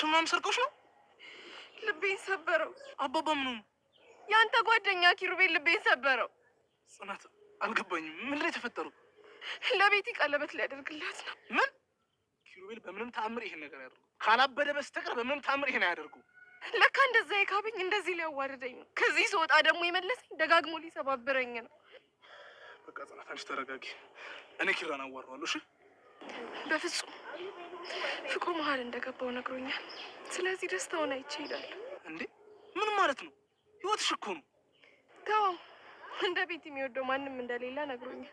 ወርቅሽ ምናምን ሰርቆሽ ነው? ልቤን ሰበረው። አባባ ምኑ ነው? የአንተ ጓደኛ ኪሩቤል ልቤን ሰበረው። ጽናት፣ አልገባኝም። ምንድን ነው የተፈጠረው? ለቤቲ ቀለበት ሊያደርግላት ነው። ምን? ኪሩቤል በምንም ተአምር ይሄን ነገር ያደርጉ ካላበደ በስተቀር በምንም ተአምር ይሄን አያደርጉ። ለካ እንደዛ የካበኝ እንደዚህ ሊያዋርደኝ ነው። ከዚህ ስወጣ ደግሞ የመለሰኝ ደጋግሞ ሊሰባብረኝ ነው። በቃ ጽናት፣ አንቺ ተረጋጊ። እኔ ኪራን አዋርዋለሁ። እሺ? በፍጹም ፍቅሩ መሀል እንደገባው ነግሮኛል። ስለዚህ ደስታውን አይቼ ይላሉ። እንዴ ምን ማለት ነው? ህይወትሽ እኮ ነው። ተው እንደ ቤት የሚወደው ማንም እንደሌላ ነግሮኛል።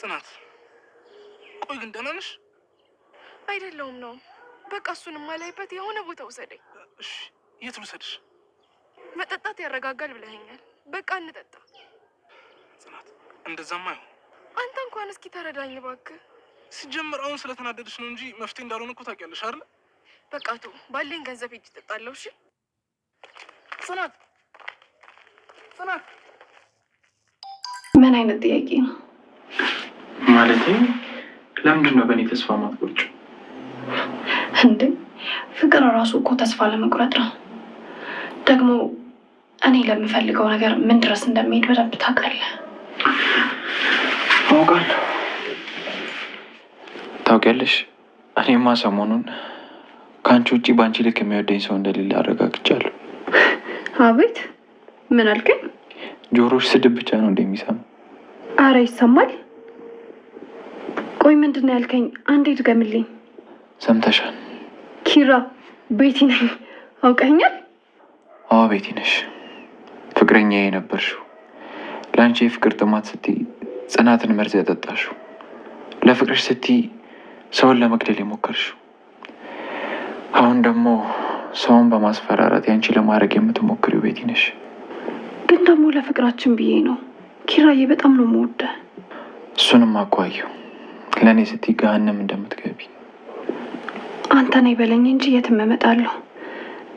ጽናት ቆይ ግን ደህና ነሽ? ነው በቃ እሱን የማላይበት የሆነ ቦታ ውሰደኝ። እሺ የት ልውሰድሽ? መጠጣት ያረጋጋል ብለኸኛል። በቃ እንጠጣ። ጽናት እንደዛማ ይሁን። አንተ እንኳን እስኪ ተረዳኝ እባክህ። ሲጀምር አሁን ስለተናደድሽ ነው እንጂ መፍትሄ እንዳልሆነ እኮ ታውቂያለሽ አይደል? በቃ ቱ ባለኝ ገንዘብ ሂጅ እጠጣለሁ። እሺ ጽናት፣ ጽናት። ምን አይነት ጥያቄ ነው? ማለት? ለምንድን ነው በእኔ ተስፋ ማትቆርጭው እንዴ? ፍቅር እራሱ እኮ ተስፋ ለመቁረጥ ነው። ደግሞ እኔ ለምፈልገው ነገር ምን ድረስ እንደሚሄድ በደንብ ታውቃለህ። አውቃለሁ ታውቂያለሽ፣ እኔማ ሰሞኑን ከአንቺ ውጭ በአንቺ ልክ የሚወደኝ ሰው እንደሌለ አረጋግጫለሁ። አቤት ምን አልከኝ? ጆሮሽ ስድብ ብቻ ነው እንደሚሰማ? አረ ይሰማል። ቆይ ምንድን ነው ያልከኝ? አንዴ ድገምልኝ። ሰምተሻል? ኪራ ቤቲ ነኝ። አውቀኛል? አዎ ቤቲ ነሽ፣ ፍቅረኛ የነበርሽው ለአንቺ የፍቅር ጥማት ስትይ ጽናትን መርዝ ያጠጣሽው ለፍቅርሽ ስትይ ሰውን ለመግደል የሞከርሽው አሁን ደግሞ ሰውን በማስፈራራት ያንቺ ለማድረግ የምትሞክሪው ቤቲ ነሽ። ግን ደግሞ ለፍቅራችን ብዬ ነው ኪራዬ፣ በጣም ነው መወደ። እሱንም አቋየው ለእኔ ስትይ ገሃነም እንደምትገቢ አንተ ነ በለኝ እንጂ የትም እመጣለሁ።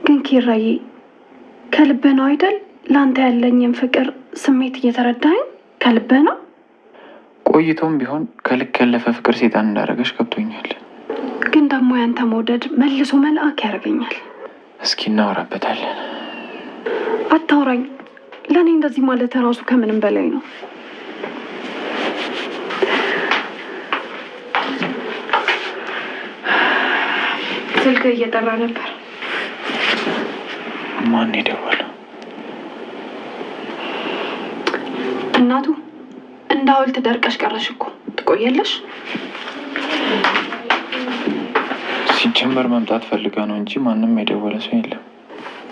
ግን ኪራዬ ከልብህ ነው አይደል? ለአንተ ያለኝን ፍቅር ስሜት እየተረዳኝ ከልብህ ነው ቆይቶም ቢሆን ከልክ ያለፈ ፍቅር ሴጣን እንዳደረገች ገብቶኛል። ግን ደግሞ ያንተ መውደድ መልሶ መልአክ ያደርገኛል። እስኪ እናወራበታለን። አታውራኝ። ለእኔ እንደዚህ ማለት ራሱ ከምንም በላይ ነው። ስልክ እየጠራ ነበር። ማን የደወለው? እናቱ እንደ ሐውልት ደርቀሽ ቀረሽ እኮ ትቆያለሽ። ሲጀመር መምጣት ፈልጋ ነው እንጂ ማንም የደወለ ሰው የለም።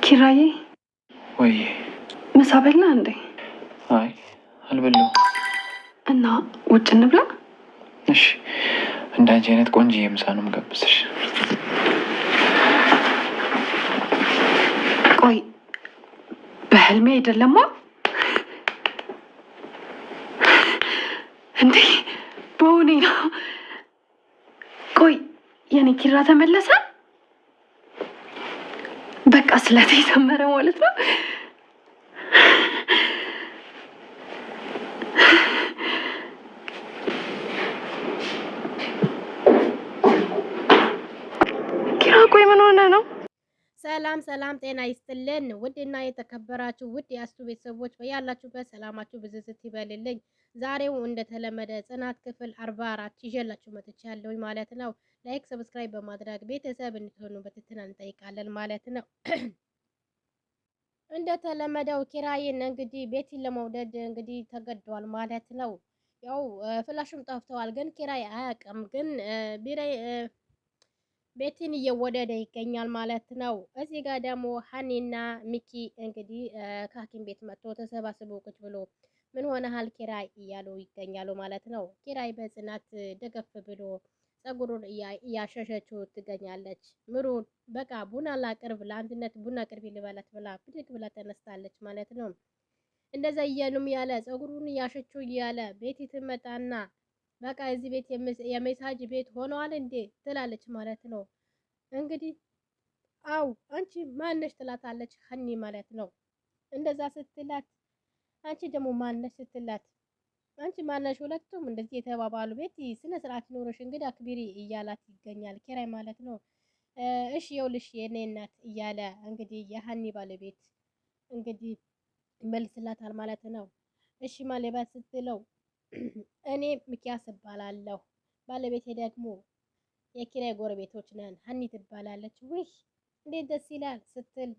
ኪራዬ ወይ ምሳ በላ እንዴ? አይ አልበላሁም። እና ውጭ እንብላ። እሺ፣ እንደ አንቺ አይነት ቆንጆ የምሳ ነው የምጋብዝሽ። ቆይ በህልሜ አይደለማ በሆኔ ነው። ቆይ የኔ ኪራ ተመለሰ። በቃ ስለት የሰመረ ማለት ነው። ሰላም ሰላም፣ ጤና ይስጥልን ውድና የተከበራችሁ ውድ የአስቱ ቤተሰቦች በያላችሁበት ሰላማችሁ ብዝዝት ይበልልኝ። ዛሬው እንደተለመደ ጽናት ክፍል አርባ አራት ይዤላችሁ መጥቻለሁ ማለት ነው። ላይክ ሰብስክራይብ በማድረግ ቤተሰብ እንድትሆኑ በትህትና እንጠይቃለን ማለት ነው። እንደተለመደው ኪራይን እንግዲህ ቤቲን ለመውደድ እንግዲህ ተገዷል ማለት ነው። ያው ፍላሹም ጠፍተዋል፣ ግን ኪራይ አያውቅም ግን ቤቲን እየወደደ ይገኛል ማለት ነው። እዚህ ጋር ደግሞ ሀኒና ሚኪ እንግዲህ ከሐኪም ቤት መጥቶ ተሰባስቦ ቁጭ ብሎ ምን ሆነሃል ኪራይ እያሉ ይገኛሉ ማለት ነው። ኪራይ በጽናት ደገፍ ብሎ ጸጉሩን እያሸሸችው ትገኛለች። ምሩን በቃ ቡና ላቅርብ፣ ለአንድነት ቡና ቅርቢ ልበላት ብላ ብድግ ብላ ተነስታለች ማለት ነው። እንደዛ እያሉም ያለ ጸጉሩን እያሸችው እያለ ቤቲ ትመጣና በቃ እዚህ ቤት የመሳጅ ቤት ሆነዋል እንዴ ትላለች ማለት ነው። እንግዲህ አው አንቺ ማነሽ ትላታለች ሀኒ ማለት ነው። እንደዛ ስትላት አንቺ ደግሞ ማነሽ ስትላት አንቺ ማነሽ ሁለቱም እንደዚህ የተባባሉ ቤት ስነ ስርዓት ኖሮሽ እንግዲህ አክቢሪ እያላት ይገኛል ኪራይ ማለት ነው። እሺ የውልሽ የኔ እናት እያለ እንግዲህ የሀኒ ባለቤት እንግዲህ ይመልስላታል ማለት ነው። እሺ ማለባት ስትለው እኔ ምክያስ እባላለሁ። ባለቤቴ ደግሞ የኪራይ ጎረቤቶች ነን። ሀኒ ትባላለች። ውይ እንዴት ደስ ይላል ስትል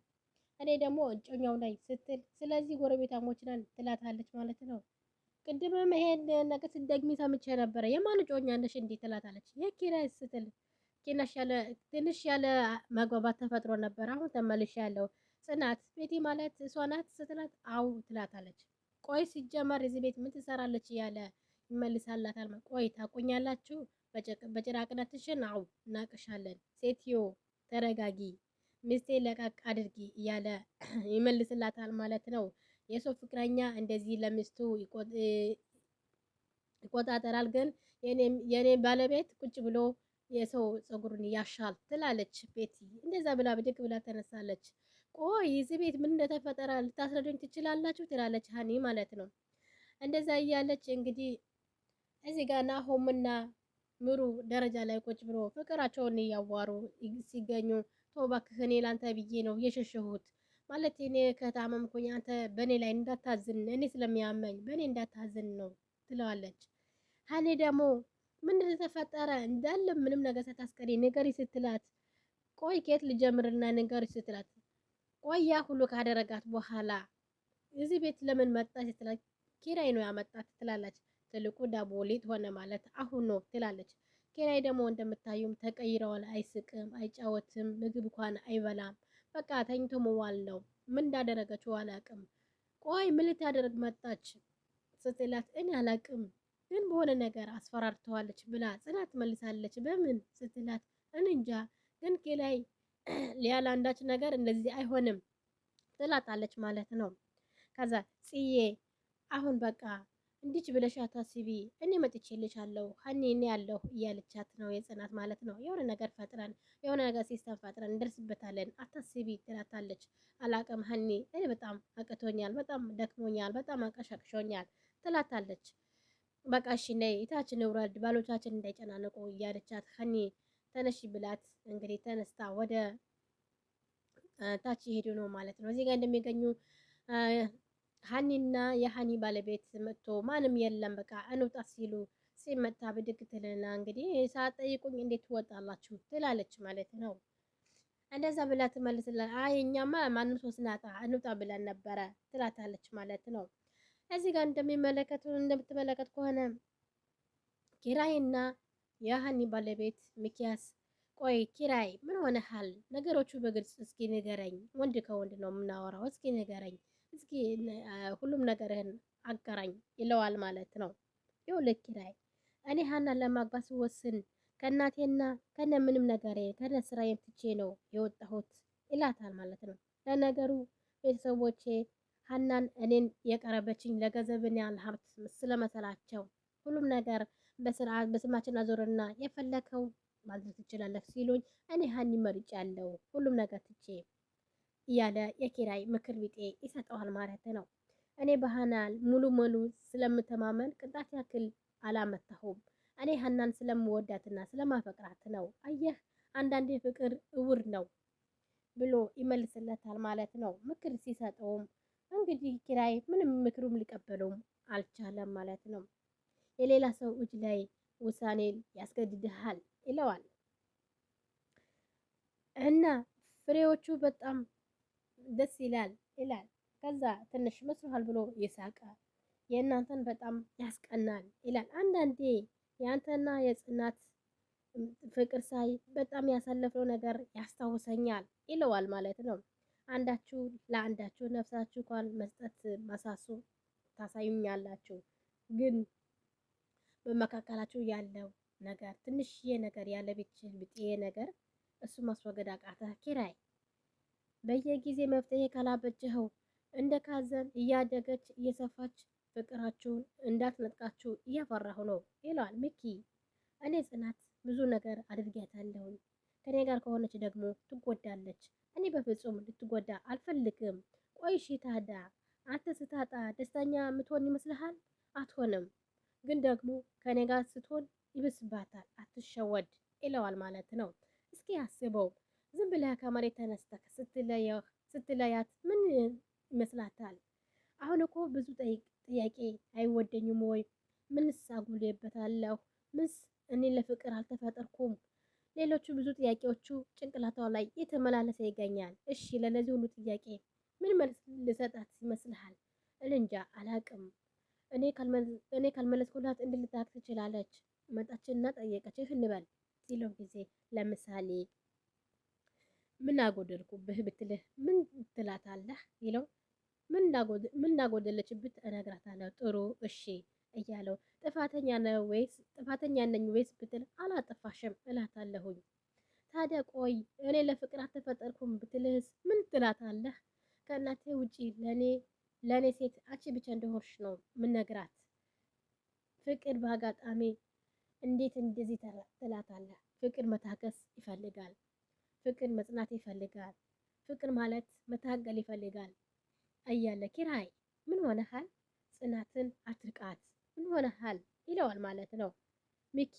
እኔ ደግሞ እጮኛው ነኝ ስትል፣ ስለዚህ ጎረቤታሞች ነን ትላታለች ማለት ነው። ቅድም ይሄን ነገር ስትደግሚ ሰምቼ ነበረ። የማን እጮኛ ነሽ እንዴት ትላታለች። የኪራይ ስትል ትንሽ ያለ መግባባት ተፈጥሮ ነበር። አሁን ያለው ጽናት ቤቲ ማለት እሷ ናት ስትላት፣ አው ትላታለች። ቆይ ሲጀመር እዚህ ቤት ምን ትሰራለች እያለ ይመልሳላታል። ቆይ ታቆኛላችሁ በጭራቅነትሽን አው እናቅሻለን፣ ሴትዮ ተረጋጊ፣ ሚስቴ ለቀቅ አድርጊ እያለ ይመልስላታል ማለት ነው። የሰው ፍቅረኛ እንደዚህ ለሚስቱ ይቆጣጠራል። ግን የኔ ባለቤት ቁጭ ብሎ የሰው ፀጉሩን ያሻል ትላለች ቤቲ። እንደዛ ብላ ብድግ ብላ ተነሳለች። ቆይ እዚህ ቤት ምን እንደተፈጠረ ልታስረዱኝ ትችላላችሁ? ትላለች ሀኒ ማለት ነው። እንደዛ እያለች እንግዲህ እዚህ ጋር ናሆምና ምሩ ደረጃ ላይ ቁጭ ብሎ ፍቅራቸውን እያዋሩ ሲገኙ እባክህ እኔ ላንተ ብዬ ነው የሸሸሁት ማለት እኔ ከታመምኩኝ አንተ በእኔ ላይ እንዳታዝን እኔ ስለሚያመኝ በእኔ እንዳታዝን ነው ትለዋለች። ሀኔ ደግሞ ምን ተፈጠረ እንዳለ ምንም ነገር ሳታስቀሪ ንገሪ ስትላት ቆይ ከየት ልጀምርና ንገሪ ስትላት ቆያ ሁሉ ካደረጋት በኋላ እዚህ ቤት ለምን መጣች ትላለች። ኪራይ ነው ያመጣት ትላለች። ትልቁ ዳቦ ሊጥ ሆነ ማለት አሁን ነው ትላለች። ኪራይ ደግሞ እንደምታዩም ተቀይረዋል። አይስቅም፣ አይጫወትም፣ ምግብ እንኳን አይበላም። በቃ ተኝቶ መዋል ነው። ምን እንዳደረገችው አላቅም። ቆይ ምን ልታደርግ መጣች ስትላት እኔ አላቅም ግን በሆነ ነገር አስፈራርተዋለች ብላ ጽናት መልሳለች። በምን ስትላት እንጃ ግን ኪራይ ሊያለ አንዳች ነገር እንደዚህ አይሆንም ትላታለች ማለት ነው። ከዛ ጽዬ አሁን በቃ እንዲች ብለሽ አታስቢ፣ እኔ መጥቼልሻለሁ፣ ሀኒ እኔ ያለሁ እያለቻት ነው የጽናት ማለት ነው። የሆነ ነገር ፈጥረን የሆነ ነገር ሲስተም ፈጥረን እንደርስበታለን፣ አታስቢ ትላታለች። አላቅም ሀኒ፣ እኔ በጣም አቅቶኛል፣ በጣም ደክሞኛል፣ በጣም አቀሻቅሾኛል ትላታለች። በቃ እሺ ነይ፣ እታች ንውረድ፣ ባሎቻችን እንዳይጨናነቁ እያለቻት ሀኒ ተነሺ ብላት እንግዲህ ተነስታ ወደ ታች የሄዱ ነው ማለት ነው። እዚህ ጋር እንደሚገኙ ሀኒና የሀኒ ባለቤት መጥቶ ማንም የለም በቃ እንውጣ ሲሉ ሲመጣ ብድግ ትልና እንግዲህ ሳጠይቁኝ እንዴት ትወጣላችሁ ትላለች ማለት ነው። እንደዛ ብላ ትመልስላል። አይ እኛማ ማንም ሰው ስናጣ እንውጣ ብለን ነበረ ትላታለች ማለት ነው። እዚህ ጋር እንደሚመለከቱ እንደምትመለከት ከሆነ ኪራይና የሀኒ ባለቤት ሚኪያስ ቆይ ኪራይ ምን ሆነሃል? ነገሮቹ በግልጽ እስኪ ንገረኝ። ወንድ ከወንድ ነው የምናወራው። እስኪ ንገረኝ፣ እስኪ ሁሉም ነገርህን አጋራኝ ይለዋል ማለት ነው። ይኸውልህ ኪራይ እኔ ሀናን ለማግባት ስወስን ከእናቴና ከነ ምንም ነገሬ ከነ ስራዬም ትቼ ነው የወጣሁት ይላታል ማለት ነው። ለነገሩ ቤተሰቦቼ ሀናን እኔን የቀረበችኝ ለገንዘብን ያህል ሀብት ስለመሰላቸው ሁሉም ነገር በስርዓት በስማችን አዞርና የፈለከው ማድረግ ትችላለህ ሲሉኝ እኔ ሀኒ መርጫ ያለው ሁሉም ነገር ትቼ እያለ የኪራይ ምክር ቢጤ ይሰጠዋል ማለት ነው። እኔ በሀናል ሙሉ ሙሉ ስለምተማመን ቅንጣት ያክል አላመታሁም። እኔ ሀናን ስለምወዳትና ስለማፈቅራት ነው። አየህ አንዳንዴ ፍቅር እውር ነው ብሎ ይመልስለታል ማለት ነው። ምክር ሲሰጠውም እንግዲህ ኪራይ ምንም ምክሩም ሊቀበሉም አልቻለም ማለት ነው። የሌላ ሰው እጅ ላይ ውሳኔን ያስገድድሃል ይለዋል። እና ፍሬዎቹ በጣም ደስ ይላል ይላል። ከዛ ትንሽ መስሎሃል ብሎ የሳቀ የእናንተን በጣም ያስቀናል ይላል። አንዳንዴ የአንተና የጽናት ፍቅር ሳይ በጣም ያሳለፈው ነገር ያስታውሰኛል ይለዋል ማለት ነው። አንዳችሁ ለአንዳችሁ ነፍሳችሁ እንኳን መስጠት መሳሱ ታሳዩኛላችሁ ግን በመካከላቸው ያለው ነገር ትንሽዬ ነገር ያለ ቤትሽን ብጤ ነገር እሱ ማስወገድ አቃተህ ኪራይ። በየጊዜ መፍትሄ ካላበጀኸው እንደ ካዘን እያደገች እየሰፋች ፍቅራችሁን እንዳትነጥቃችሁ እያፈራሁ ነው ይለዋል ሚኪ። እኔ ጽናት ብዙ ነገር አድርጌያታለሁ። ከኔ ጋር ከሆነች ደግሞ ትጎዳለች። እኔ በፍጹም ልትጎዳ አልፈልግም። ቆይሽ ታዳ አንተ ስታጣ ደስተኛ የምትሆን ይመስልሃል? አትሆንም። ግን ደግሞ ከኔ ጋር ስትሆን ይብስባታል፣ አትሸወድ ይለዋል ማለት ነው። እስኪ አስበው፣ ዝም ብለህ ከመሬት ተነስተህ ስትለያት ምን ይመስላታል? አሁን እኮ ብዙ ጥያቄ አይወደኝም ወይ? ምንስ አጉልበታለሁ? ምስ እኔ ለፍቅር አልተፈጠርኩም? ሌሎቹ ብዙ ጥያቄዎቹ ጭንቅላቷ ላይ የተመላለሰ ይገኛል። እሺ ለነዚህ ሁሉ ጥያቄ ምን መልስ ልሰጣት ይመስልሃል? እልንጃ አላቅም። እኔ ካልመለስኩላት እንድ ልታክ ትችላለች። መጣችና ጠየቀች እንበል ሲለው ጊዜ ለምሳሌ ምን አጎደልኩብህ ብትልህ ምን ትላታለህ? ይለው ምን እንዳጎደለችብህ እነግራታለሁ። ጥሩ እሺ እያለው ጥፋተኛ ነህ ወይስ ጥፋተኛ ነኝ ወይስ ብትል አላጠፋሽም እላታለሁኝ። ታዲያ ቆይ እኔ ለፍቅር አልተፈጠርኩም ብትልህስ ምን ትላታለህ? ከእናቴ ውጪ ለእኔ ለእኔ ሴት አንቺ ብቻ እንደሆንሽ ነው ምነግራት። ፍቅር በአጋጣሚ እንዴት እንደዚህ ትላታለህ? ፍቅር መታገስ ይፈልጋል። ፍቅር መጽናት ይፈልጋል። ፍቅር ማለት መታገል ይፈልጋል እያለ ኪራይ ምን ሆነሃል? ጽናትን አትርቃት፣ ምን ሆነሃል ይለዋል ማለት ነው። ሚኪ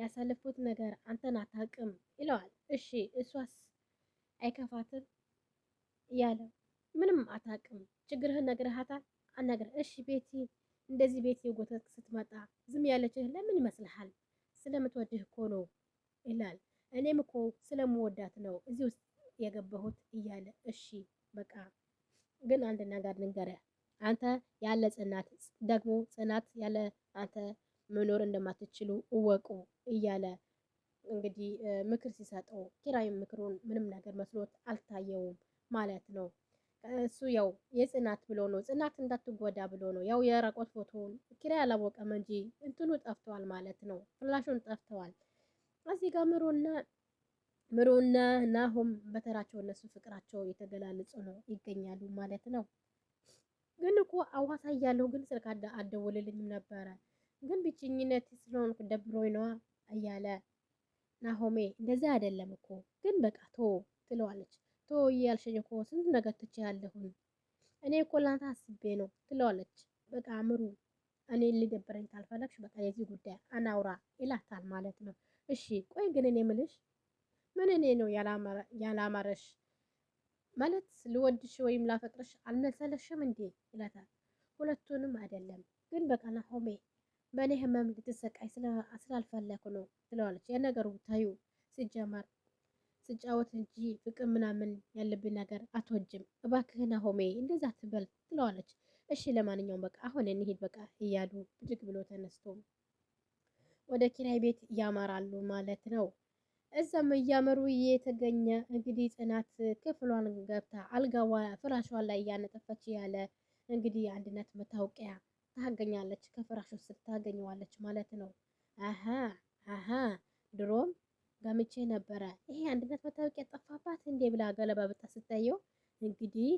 ያሳለፉት ነገር አንተን አታውቅም ይለዋል። እሺ እሷስ አይከፋትም? ያለው ምንም አታውቅም። ችግርህን ነግረሃታል? አናገር እሺ። ቤቲ እንደዚህ ቤቲ ጎተት ስትመጣ ዝም ያለችህ ለምን ይመስልሃል? ስለምትወድህ እኮ ነው ይላል። እኔም እኮ ስለምወዳት ነው እዚህ ውስጥ የገባሁት እያለ እሺ በቃ ግን አንድ ነገር ልንገርህ፣ አንተ ያለ ጽናት ደግሞ ጽናት ያለ አንተ መኖር እንደማትችሉ እወቁ እያለ እንግዲህ ምክር ሲሰጠው ኪራይ ምክሩን ምንም ነገር መስሎት አልታየውም ማለት ነው። እሱ ያው የጽናት ብሎ ነው ጽናት እንዳትጎዳ ብሎ ነው ያው የራቆት ፎቶውን ኪራ ያላወቀም እንጂ እንትኑ ጠፍተዋል ማለት ነው። ፍላሹን ጠፍተዋል። እዚህ ጋር ምሮና ምሮና ናሁም በተራቸው እነሱ ፍቅራቸው የተገላለጹ ነው ይገኛሉ ማለት ነው። ግን እኮ አዋሳ እያለሁ ግን ስልክ አደውልልኝም ነበረ ግን ብቸኝነት ስለሆንኩ ደብሮኝ ነዋ እያለ ናሆሜ እንደዛ አይደለም እኮ ግን በቃ ቶ ትለዋለች። ቶ እያልሸኝ እኮ ስንት ነገር ትችያለሁኝ እኔ እኮ ላንተ አስቤ ነው ትለዋለች። በቃ ምሩ እኔ ልደበረኝ ካልፈለግሽ በቃ የዚህ ጉዳይ አናውራ ይላታል ማለት ነው። እሺ ቆይ ግን እኔ ምልሽ ምን እኔ ነው ያላማረሽ ማለት ልወድሽ ወይም ላፈቅርሽ አልመሰለሽም እንዴ ይላታል። ሁለቱንም አይደለም ግን በቃ ናሆሜ በእኔ ህመም ልትሰቃይ ስላልፈለኩ ነው ትለዋለች። የነገሩ ታዩ ሲጀመር ስጫወት እንጂ ፍቅር ምናምን ያለብን ነገር አትወጅም፣ እባክህና ሆሜ እንደዛ ትበል ትለዋለች። እሺ ለማንኛውም በቃ አሁን እንሂድ በቃ እያሉ ብድግ ብሎ ተነስቶ ወደ ኪራይ ቤት ያመራሉ ማለት ነው። እዛም እያመሩ የተገኘ እንግዲህ ጽናት ክፍሏን ገብታ አልጋዋ ፍራሿ ላይ እያነጠፈች ያለ እንግዲህ የአንድነት መታወቂያ ታገኛለች። ከፍራሹ ስር ታገኘዋለች ማለት ነው። አሀ አሀ ድሮም ገምቼ ነበረ። ይሄ አንድነት መታወቂያ ጠፋባት እንዴ ብላ ገለባ ብታ ስታየው፣ እንግዲህ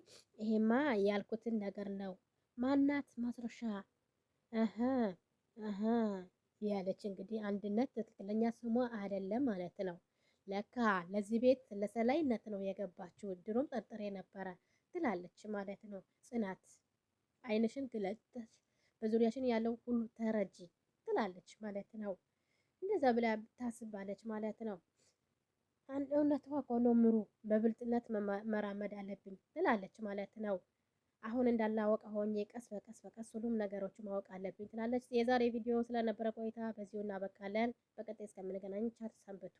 ይሄማ ያልኩትን ነገር ነው። ማናት ማስረሻ አሀ ያለች እንግዲህ አንድነት ትክክለኛ ስሟ አይደለም ማለት ነው። ለካ ለዚህ ቤት ለሰላይነት ነው የገባችው፣ ድሮም ጠርጥሬ ነበረ ትላለች ማለት ነው። ጽናት ዓይንሽን ግለጭ፣ በዙሪያሽን ያለው ሁሉ ተረጂ ትላለች ማለት ነው። እንደዛ ብላ ታስባለች ማለት ነው። እውነቷ ከሆነ ምሩ በብልጥነት መራመድ አለብኝ ትላለች ማለት ነው። አሁን እንዳላወቀ ሆኜ ቀስ በቀስ በቀስ ሁሉም ነገሮች ማወቅ አለብኝ ትላለች። የዛሬ ቪዲዮ ስለነበረ ቆይታ በዚሁ እናበቃለን። በቀጣይ እስከምንገናኝ ቻው ሰንብቱ።